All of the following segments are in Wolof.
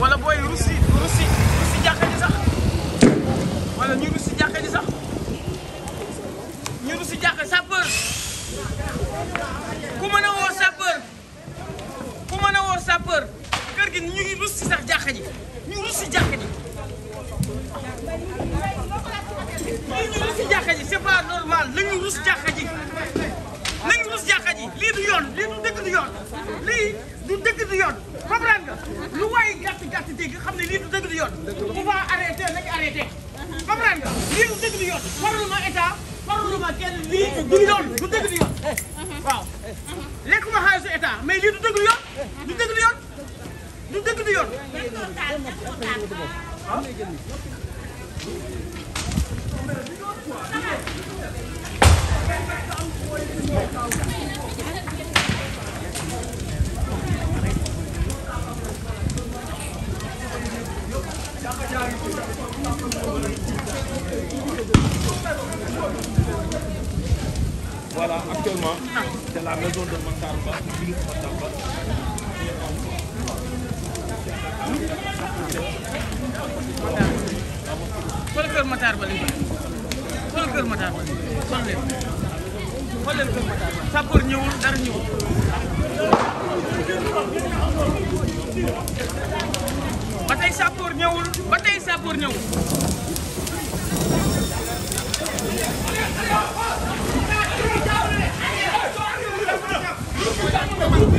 wala booy rus yi rus jàkka ji sax wala ñu rus jàkka ji sax ñu rus jàkka a ji ñu rus jàkka ji ñu rus jàkka ji c'est normal lañu rus jàkka ji lii du yoon lii du dëgg du yoon lii du dëgg waruluma état waruluma kenn lii du yoon du dëgg du yoon waaw lekkuma xaalisu état mais lii du dëgg du du du Voilà, actuellement, c'est la maison de Matarba, ville Matarba. Xool kër Matarba li xool kër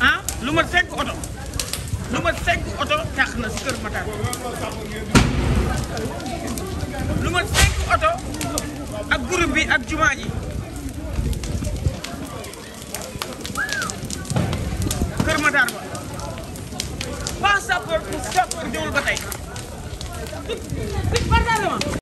Ah, lu ma cinq oto ma cinq tax na si kër Matar lu ma cinq oto ak groupe bi ak jumaa ji kër Matar ba waa sapeur pour sapeur ñëwul ba tey.